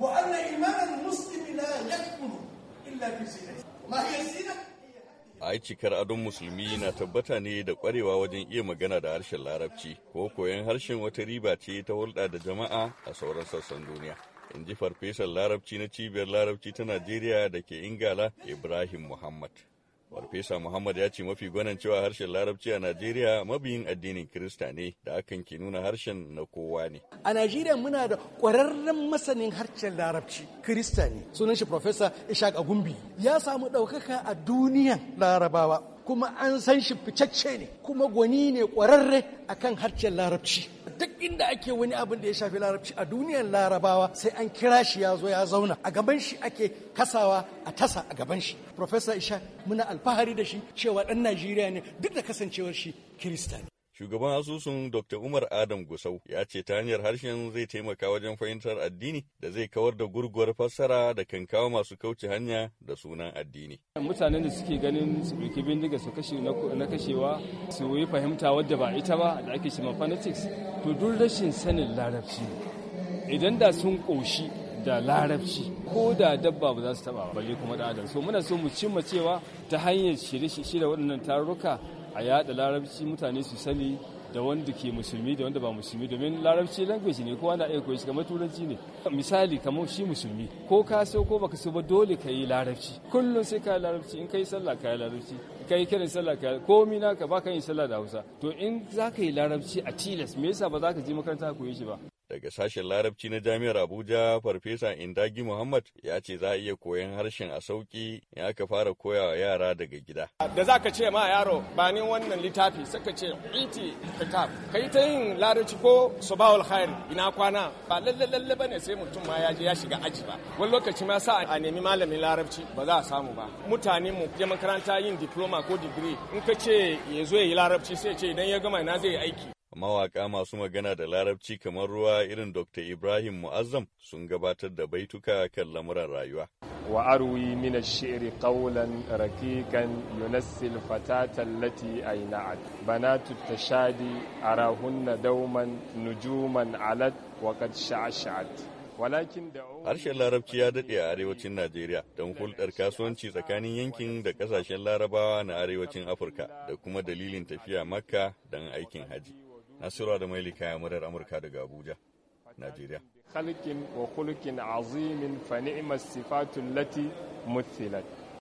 وأن إيمان المسلم لا يكمل إلا بزينته ما هي الزينة؟ ai cikar adon musulmi na tabbata ne da kwarewa wajen iya magana da harshen larabci ko koyon harshen wata riba ce ta hulɗa da jama'a a sauran sassan duniya in ji farfesan larabci na cibiyar larabci ta najeriya da ke ingala ibrahim muhammad Farfesa Muhammad ya ce mafi gwanan cewa harshen Larabci a Najeriya mabiyin addinin Kirista ne da akan ke nuna harshen na kowa ne. A Najeriya muna da ƙwararren masanin harshen Larabci Kirista ne sunan shi Farfesa Ishaq Agumbi ya samu ɗaukaka a duniyan Larabawa kuma an san shi ficacce ne kuma gwani ne ƙwararre akan harshen Larabci. duk inda ake wani abin da ya shafi larabci a duniyar larabawa sai an kira shi ya zo ya zauna a gaban shi ake kasawa a tasa a gaban shi professor isha muna alfahari da shi cewa dan najeriya ne duk da kasancewar shi kirista ne Shugaban asusun Dr. Umar Adam Gusau ya ce ta hanyar harshen zai taimaka wajen fahimtar addini da zai kawar da gurguwar fassara da kan kawo masu kauce hanya da sunan addini. Mutanen da suke ganin su ɗauki bindiga su kashe na kashewa su yi fahimta wadda ba ita ba da ake shima fanatics to duk rashin sanin larabci idan da sun ƙoshi da larabci ko da dabba ba za su taba ba balle kuma da adam so muna so mu cimma cewa ta hanyar shirye-shirye waɗannan tarurruka a yada larabci mutane su sani da wanda ke musulmi da wanda ba musulmi domin larabci language ne kowa na iya koyi kamar turanci ne misali kamar shi musulmi ko ka so ko baka so ba dole ka yi larabci kullum sai ka yi larabci in ka yi sallah ka yi larabci ka yi kiran sallah ka yi komi naka ba ka yi sallah da hausa to in za ka yi larabci a tilas me yasa ba za ka je makaranta ka koyi shi ba daga sashen larabci na jami'ar abuja farfesa indagi muhammad ya ce za a iya koyan harshen a sauƙi ya aka fara koya wa yara daga gida da za ka ce ma yaro ba ni wannan littafi saka ce iti kitab kai ta yin larabci ko subahul khair ina kwana ba lalle ba ne, sai mutum ma ya je ya shiga aji ba wani lokaci ma sa a nemi malamin larabci ba za a samu ba mutane mu je makaranta yin diploma ko digiri in ka ce ya zo ya yi larabci sai ce idan ya gama ina zai yi aiki Mawaƙa masu magana da larabci kamar ruwa irin Dr. Ibrahim Mu'azzam sun gabatar da baituka kan lamuran rayuwa. Wa arwi min ash-shi'ri qawlan raqiqan yunassil fatata allati ayna'at banatu tashadi arahunna dauman nujuman alat wa qad sha'ashat Harshen Larabci ya daɗe a arewacin Najeriya don hulɗar kasuwanci tsakanin yankin da ƙasashen Larabawa na arewacin Afirka da kuma dalilin tafiya Makka don aikin haji. Nasiru da Mailika ya murar Amurka daga Abuja, Najeriya. Khalqin wa khuluqin azimin fa ni'mas sifatul lati muthilat.